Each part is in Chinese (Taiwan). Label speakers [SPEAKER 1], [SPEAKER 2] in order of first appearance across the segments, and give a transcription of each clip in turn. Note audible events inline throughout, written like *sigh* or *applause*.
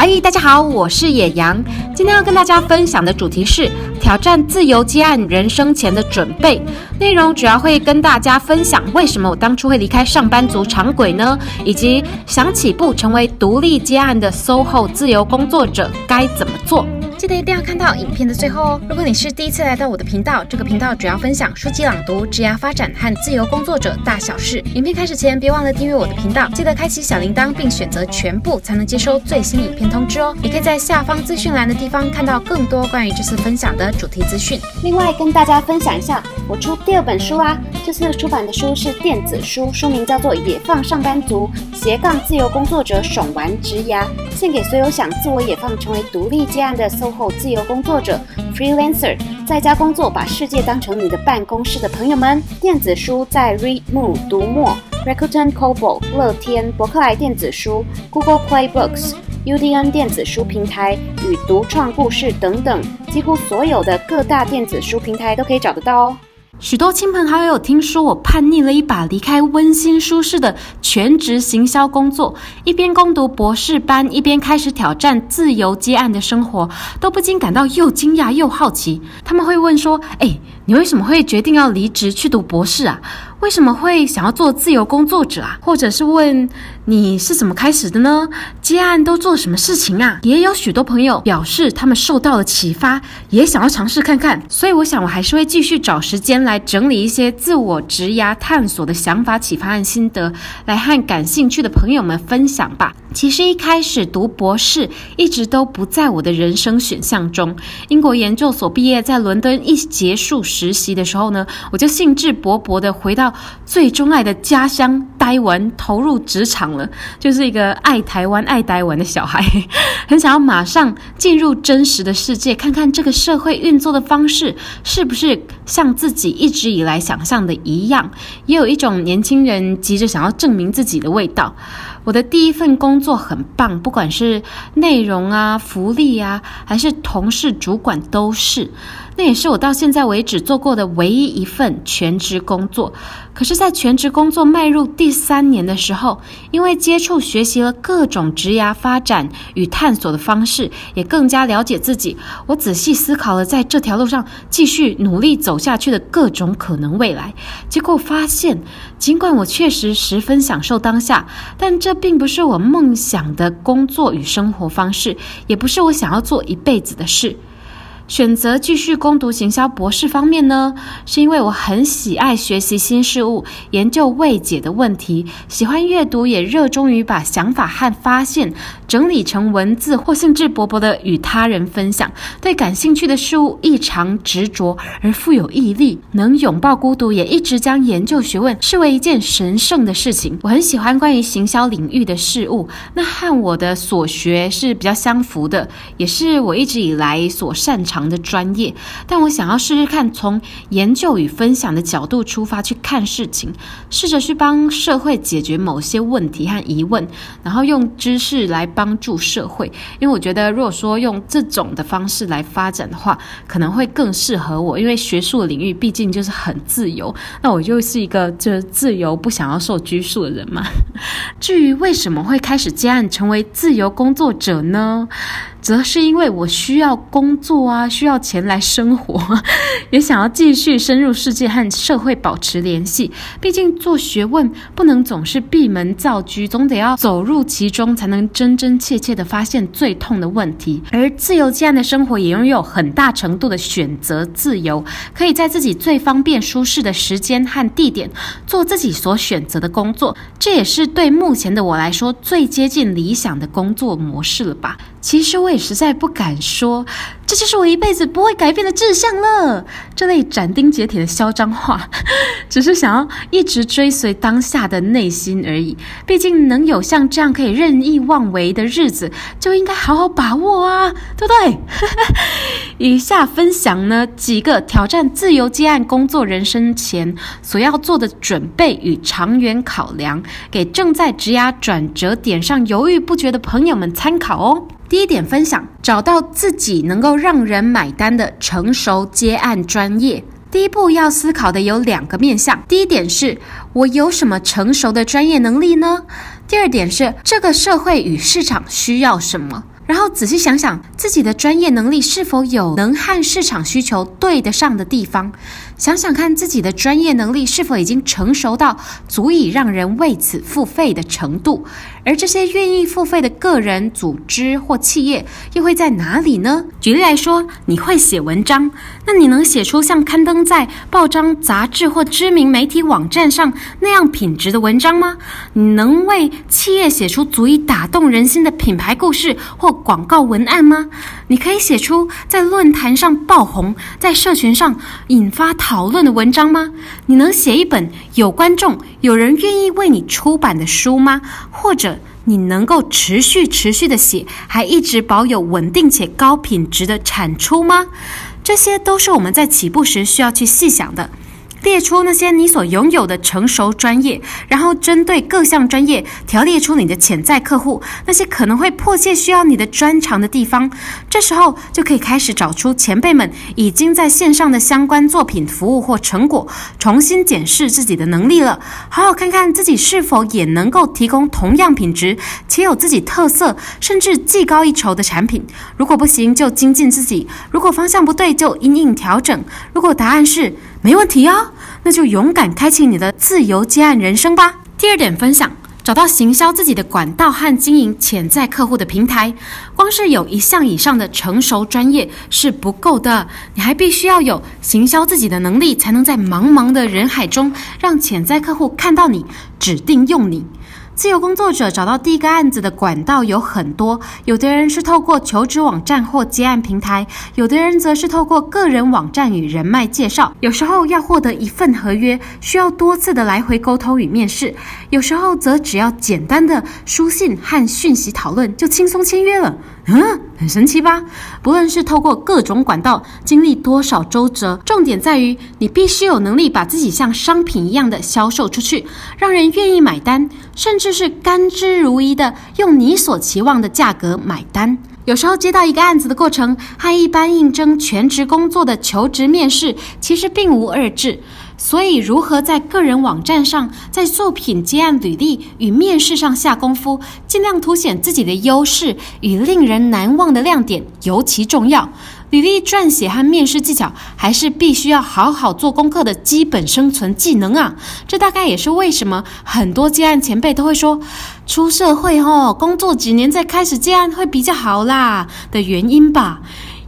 [SPEAKER 1] 嗨，Hi, 大家好，我是野羊。今天要跟大家分享的主題是挑戰自由接案人生前的準備。內容主要會跟大家分享為什麼我當初會離開上班族常軌呢？以及想起步成為獨立接案的 SOHO 自由工作者該怎麼做。記得一定要看到影片的最後哦！如果你是第一次來到我的頻道，這個頻道主要分享書籍朗讀、職涯發展和自由工作者大小事。影片開始前，別忘了訂閱我的頻道，記得開啟小鈴鐺並選擇全部，才能接收最新影片通知哦！也可以在下方資訊欄的地方看到更多關於這次分享的主題資訊。另外，跟大家分享一下，我出第二本書啊！這、就、次、是、出版的書是電子書，書名叫做《野放上班族斜槓自由工作者爽玩職涯》，獻給所有想自我野放、成為獨立接案的。後自由工作者 （freelancer） 在家工作，把世界當成你的辦公室的朋友們，電子書在 Readmoo 讀墨、Rakuten Kobo 樂天、博客來電子書、Google Play Books、UDN 電子書平台與獨創故事等等，幾乎所有的各大電子書平台都可以找得到哦。許多親朋好友聽說我叛逆了一把，離開溫馨舒適的全職行銷工作，一邊攻讀博士班，一邊開始挑戰自由接案的生活，都不禁感到又驚訝又好奇。他們會問說：“誒，你為什麼會決定要離職去讀博士啊？”為什麼會想要做自由工作者啊？或者是問你是怎麼開始的呢？接案都做什麼事情啊？也有許多朋友表示他們受到了啟發，也想要嘗試看看。所以我想我還是會繼續找時間來整理一些自我職涯探索的想法、啟發和心得，來和感興趣的朋友們分享吧。其實一開始讀博士，一直都不在我的人生選項中。英國研究所畢業，在倫敦一結束實習的時候呢，我就興致勃勃地回到最鍾愛的家鄉，台灣，投入職場了。就是一個愛台灣、愛台灣的小孩， *laughs* 很想要馬上進入真實的世界，看看這個社會運作的方式是不是像自己一直以來想象的一樣，也有一種年輕人急着想要證明自己的味道。我的第一份工作很棒，不管是內容啊、福利啊，還是同事、主管都是。那也是我到現在為止做過的唯一一份全職工作。可是，在全職工作邁入第三年的時候，因為接觸、學習了各種職業發展與探索的方式，也更加了解自己。我仔細思考了在這條路上繼續努力走下去的各種可能未來，結果發現，儘管我確實十分享受當下，但這並不是我夢想的工作與生活方式，也不是我想要做一輩子的事。選擇繼續攻讀行銷博士方面呢，是因為我很喜愛學習新事物、研究未解的問題，喜歡閱讀，也熱衷於把想法和發現整理成文字或興致勃勃地與他人分享。對感興趣的事物異常執着而富有毅力，能擁抱孤獨，也一直將研究學問視為一件神聖的事情。我很喜歡關於行銷領域的事物，那和我的所學是比較相符的，也是我一直以來所擅長的。的專業，但我想要試試看，從研究與分享的角度出發去看事情，試着去幫社會解決某些問題和疑問，然後用知識來幫助社會。因為我覺得，如果說用這種的方式來發展的話，可能會更適合我。因為學術領域畢竟就是很自由，那我就是一個就是自由不想要受拘束的人嘛。 *laughs* 至於為什麼會開始接案，成為自由工作者呢？則是因為我需要工作啊，需要錢來生活，也想要繼續深入世界和社會保持聯繫。畢竟做學問不能總是閉門造車，總得要走入其中，才能真真切切地發現最痛的問題。而自由接案的生活也擁有很大程度的選擇自由，可以在自己最方便、舒適的時間和地點做自己所選擇的工作。這也是對目前的我來說最接近理想的工作模式了吧。其實我也實在不敢說，這就是我一輩子不會改變的志向了。這類斬釘截鐵的囂張話，只是想要一直追隨當下的內心而已。畢竟能有像這樣可以任意妄為的日子，就應該好好把握啊，對不對？ *laughs* 以下分享呢，幾個挑戰自由接案工作人生前所要做的準備與長遠考量，給正在職涯轉折點上猶豫不決的朋友們參考哦。第一點分享，找到自己能夠讓人買單的成熟接案專業。第一步要思考的有兩個面向：第一點是我有什麼成熟的專業能力呢？第二點是這個社會與市場需要什麼？然後仔細想想自己的專業能力是否有能和市場需求對得上的地方。想想看，自己的專業能力是否已經成熟到足以讓人為此付費的程度？而這些願意付費的個人、組織或企業又會在哪裡呢？舉例來說，你會寫文章，那你能寫出像刊登在報章雜誌或知名媒體網站上那樣品質的文章嗎？你能為企業寫出足以打動人心的品牌故事或廣告文案嗎？你可以寫出在論壇上爆紅，在社群上引發討論的文章嗎？你能寫一本有觀眾、有人願意為你出版的書嗎？或者你能夠持續、持續的寫，還一直保有穩定且高品質的產出嗎？這些都是我們在起步時需要去細想的。列出那些你所擁有的成熟專業，然後針對各項專業，條列出你的潛在客戶，那些可能會迫切需要你的專長的地方。這時候就可以開始找出前輩們已經在線上的相關作品、服務或成果，重新檢視自己的能力了。好好看看自己是否也能夠提供同樣品質且有自己特色，甚至技高一籌的產品。如果不行，就精進自己；如果方向不對，就因應調整。如果答案是沒問題哦。那就勇敢開啟你的自由接案人生吧。第二點分享，找到行銷自己的管道和經營潛在客戶的平台。光是有一項以上的成熟專業是不夠的，你還必須要有行銷自己的能力，才能在茫茫的人海中讓潛在客戶看到你，指定用你。自由工作者找到第一個案子的管道有很多，有的人是透過求職網站或接案平台，有的人則是透過個人網站與人脈介紹。有時候要獲得一份合約，需要多次的來回溝通與面試；有時候則只要簡單的書信和訊息討論，就輕鬆簽約了。嗯，很神奇吧？不論是透過各種管道，經歷多少周折，重點在於你必須有能力把自己像商品一樣的銷售出去，讓人願意買單，甚至是甘之如饴的用你所期望的價格買單。有時候接到一個案子的過程，和一般應徵全職工作的求職面試，其實並無二致。所以，如何在個人網站上、在作品接案履歷與面試上下功夫，盡量凸顯自己的優勢與令人難忘的亮點，尤其重要。履歷撰寫和面試技巧，還是必須要好好做功課的基本生存技能啊！這大概也是為什麼很多接案前輩都會說，出社會後、哦、工作幾年再開始接案會比較好啦的原因吧。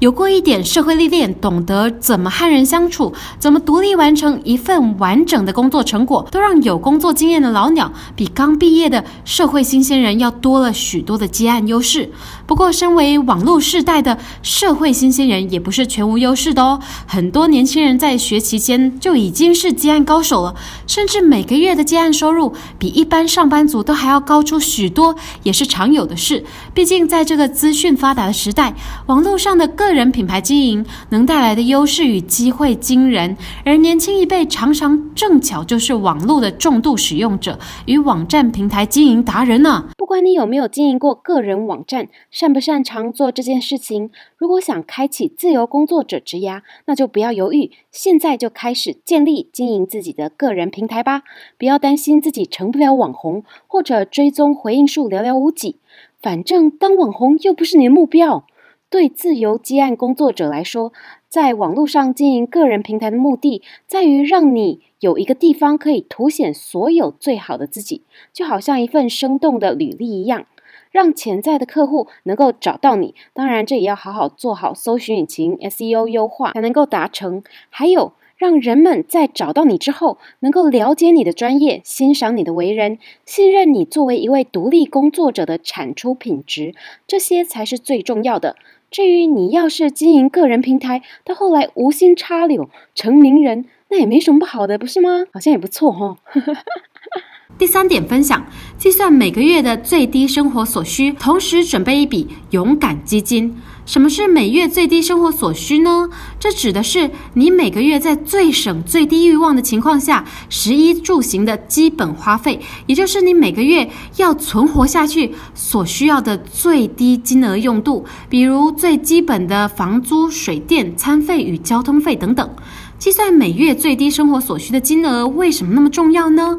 [SPEAKER 1] 有過一點社會歷練，懂得怎麼和人相處，怎麼獨立完成一份完整的工作成果，都讓有工作經驗的老鳥比剛畢業的社會新鮮人要多了許多的接案優勢。不過，身為網絡世代的社會新鮮人也不是全無優勢的哦。很多年輕人在學期間就已經是接案高手了，甚至每個月的接案收入比一般上班族都還要高出許多，也是常有的事。畢竟，在這個資訊發達的時代，網絡上的各個人品牌經營能帶來的優勢與機會驚人，而年輕一輩常常正巧就是網絡的重度使用者與網站平台經營達人呢、啊。不管你有沒有經營過個人網站，擅不擅長做這件事情，如果想開啟自由工作者職涯，那就不要猶豫，現在就開始建立經營自己的個人平台吧。不要擔心自己成不了網紅，或者追蹤回應數寥寥無幾，反正當網紅又不是你的目標。對自由接案工作者來說，在網絡上經營個人平台的目的，在於讓你有一個地方可以凸顯所有最好的自己，就好像一份生動的履歷一樣，讓潛在的客戶能夠找到你。當然，這也要好好做好搜尋引擎 SEO 優化才能夠達成。還有，讓人們在找到你之後，能夠了解你的專業，欣賞你的為人，信任你作為一位獨立工作者的產出品質，這些才是最重要的。至於你要是經營個人平台，到後來無心插柳成名人，那也沒什麼不好的，不是嗎？好像也不錯哈、哦。 *laughs* 第三點分享：計算每個月的最低生活所需，同時準備一筆勇敢基金。什麼是每月最低生活所需呢？這指的是你每個月在最省、最低慾望的情況下，食衣住行的基本花費，也就是你每個月要存活下去所需要的最低金額用度，比如最基本的房租、水電、餐費與交通費等等。計算每月最低生活所需的金額，為什麼那麼重要呢？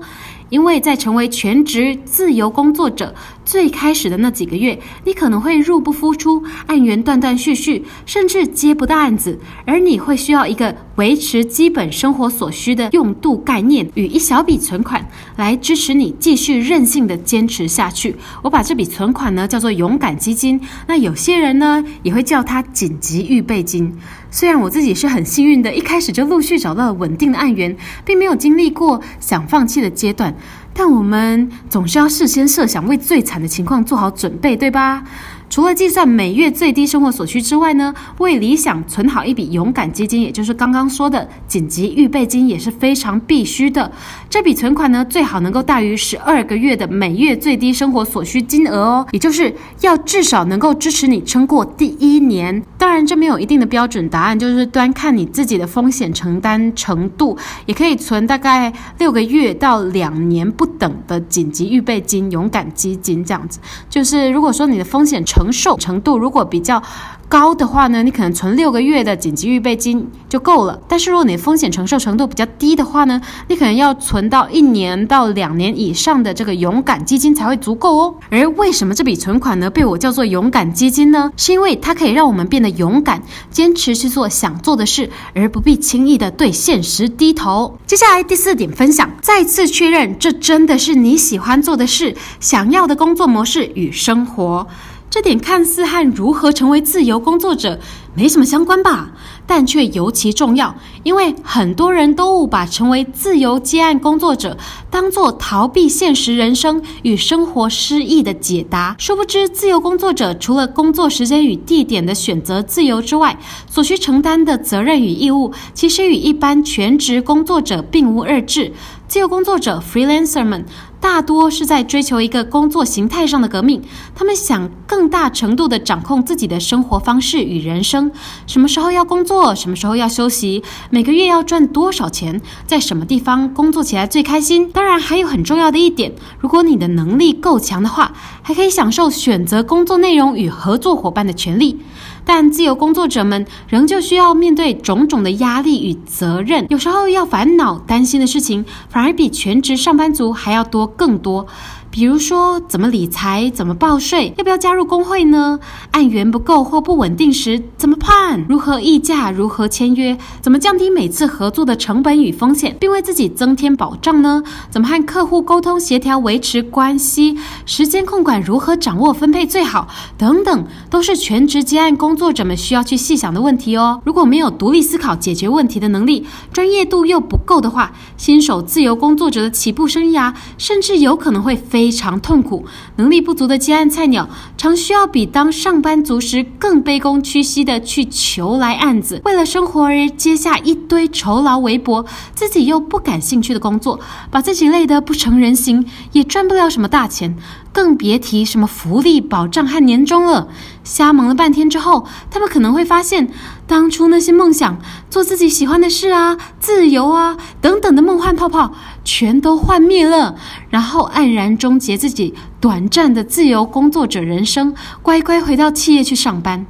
[SPEAKER 1] 因為在成為全職自由工作者最開始的那幾個月，你可能會入不敷出，案源斷斷續續，甚至接不到案子，而你會需要一個維持基本生活所需的用度概念與一小筆存款來支持你繼續任性的堅持下去。我把這筆存款呢叫做勇敢基金，那有些人呢也會叫它緊急預備金。雖然我自己是很幸運的，一開始就陸續找到了穩定的案源，並沒有經歷過想放棄的階段。但我們總是要事先設想，為最慘的情況做好準備，對吧？除了計算每月最低生活所需之外呢，為理想存好一筆勇敢基金，也就是剛剛說的緊急預備金也是非常必須的。這筆存款呢，最好能夠大於十二個月的每月最低生活所需金額哦，也就是要至少能夠支持你撐過第一年。當然，這沒有一定的標準答案，就是端看你自己的風險承擔程度，也可以存大概六個月到兩年不等的緊急預備金、勇敢基金這樣子。就是如果說你的風險承承受程度如果比較高的話呢，你可能存六個月的緊急預備金就夠了。但是如果你的風險承受程度比較低的話呢，你可能要存到一年到兩年以上的這個勇敢基金才會足夠哦。而為什麼這筆存款呢，被我叫做勇敢基金呢？是因為它可以讓我們變得勇敢，堅持去做想做的事，而不必輕易的對現實低頭。接下來第四點分享，再次確認這真的是你喜歡做的事，想要的工作模式與生活。這點看似和如何成為自由工作者，沒什麼相關吧。但卻尤其重要，因為很多人都誤把成為自由接案工作者當作逃避現實人生與生活失意的解答。殊不知，自由工作者除了工作時間與地點的選擇自由之外，所需承擔的責任與義務其實與一般全職工作者並無二致。自由工作者 （freelancer 們）大多是在追求一個工作形態上的革命，他們想更大程度地掌控自己的生活方式與人生，什麼時候要工作？什麼時候要休息？每個月要賺多少錢？在什麼地方工作起來最開心？當然，還有很重要的一點，如果你的能力夠強的話，還可以享受選擇工作內容與合作夥伴的權利。但自由工作者們仍舊需要面對種種的壓力與責任，有時候要煩惱、擔心的事情反而比全職上班族還要多更多。比如說，怎麼理財，怎麼報稅，要不要加入工會呢？案源不夠或不穩定時怎麼辦？如何議價？如何簽約？怎麼降低每次合作的成本與風險，並為自己增添保障呢？怎麼和客戶溝通協調，維持關係？時間控管如何掌握分配最好？等等，都是全職接案工作者們需要去細想的問題哦。如果沒有獨立思考解決問題的能力，專業度又不夠的話，新手自由工作者的起步生涯甚至有可能會非。非常痛苦，能力不足的接案菜鳥常需要比當上班族時更卑躬屈膝的去求來案子。為了生活而接下一堆酬勞微薄、自己又不感興趣的工作，把自己累得不成人形，也賺不了什麼大錢，更別提什麼福利保障和年終了。瞎忙了半天之後，他們可能會發現，當初那些夢想，做自己喜歡的事啊，自由啊，等等的夢幻泡泡，全都幻滅了。然後黯然終結自己短暫的自由工作者人生，乖乖回到企業去上班。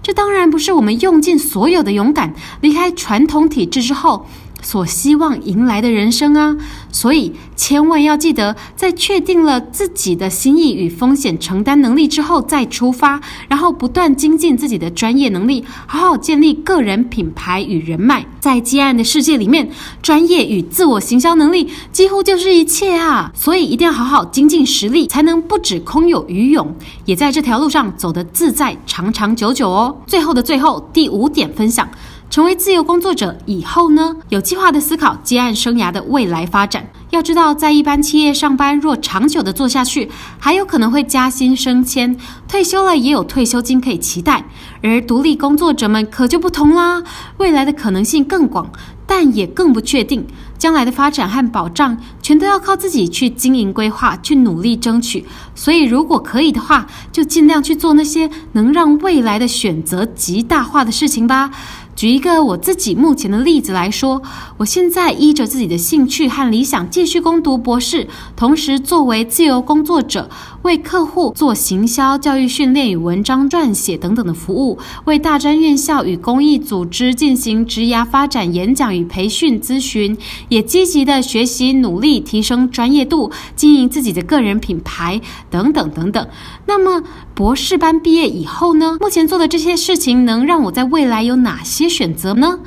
[SPEAKER 1] 這當然不是我們用盡所有的勇敢，離開傳統體制之後，所希望迎來的人生啊，所以千萬要記得，在確定了自己的心意與風險承擔能力之後再出發，然後不斷精進自己的專業能力，好好建立個人品牌與人脈，在接案的世界裡面，專業與自我行銷能力幾乎就是一切啊！所以一定要好好精進實力，才能不止空有餘勇，也在這條路上走得自在長長久久哦。最後的最後，第五點分享。成為自由工作者以後呢，有計劃地思考接案生涯的未來發展。要知道，在一般企業上班，若長久地做下去，還有可能會加薪、升遷，退休了也有退休金可以期待。而獨立工作者們可就不同啦，未來的可能性更廣，但也更不確定。將來的發展和保障，全都要靠自己去經營、規劃、去努力爭取。所以，如果可以的話，就盡量去做那些能讓未來的選擇極大化的事情吧。舉一個我自己目前的例子來說，我現在依着自己的興趣和理想繼續攻讀博士，同時作為自由工作者為客戶做行銷、教育訓練與文章撰寫等等的服務，為大專院校與公益組織進行職涯發展演講與培訓諮詢，也積極的學習努力提升專業度，經營自己的個人品牌等等等等。那麼博士班畢業以後呢？目前做的這些事情能讓我在未來有哪些？可以選擇呢？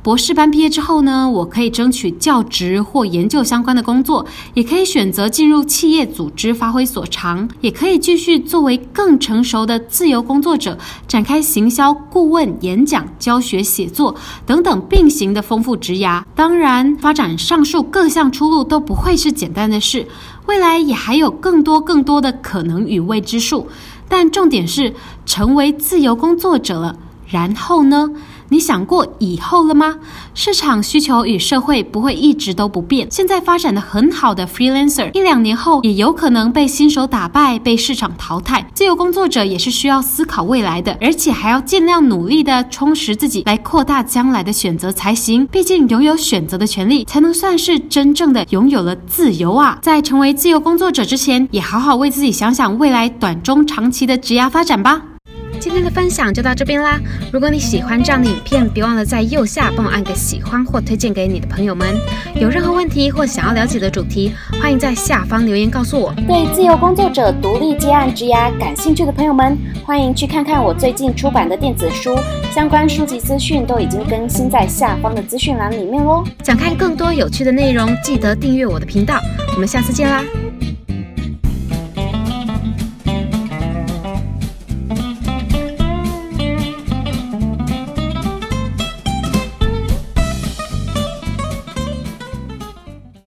[SPEAKER 1] 博士班畢業之後呢？我可以爭取教職或研究相關的工作，也可以選擇進入企業組織發揮所長，也可以繼續作為更成熟的自由工作者，展開行銷、顧問、演講、教學、寫作等等並行的豐富職涯。當然，發展上述各項出路都不會是簡單的事，未來也還有更多更多的可能與未知數。但重點是，成為自由工作者了，然後呢？你想過以後了嗎？市場需求與社會不會一直都不變，現在發展的很好的 freelancer，一兩年後也有可能被新手打敗，被市場淘汰。自由工作者也是需要思考未來的，而且還要盡量努力的充實自己，來擴大將來的選擇才行。畢竟擁有選擇的權利，才能算是真正的擁有了自由啊！在成為自由工作者之前，也好好為自己想想未來短、中、長期的職業發展吧。今天的分享就到這邊啦！如果你喜歡這樣的影片，別忘了在右下方按個喜歡或推薦給你的朋友們。有任何問題或想要了解的主題，歡迎在下方留言告訴我。對自由工作者獨立接案生涯感興趣的朋友們，歡迎去看看我最近出版的電子書，相關書籍資訊都已經更新在下方的資訊欄裡面嘍。想看更多有趣的內容，記得訂閱我的頻道。我們下次見啦！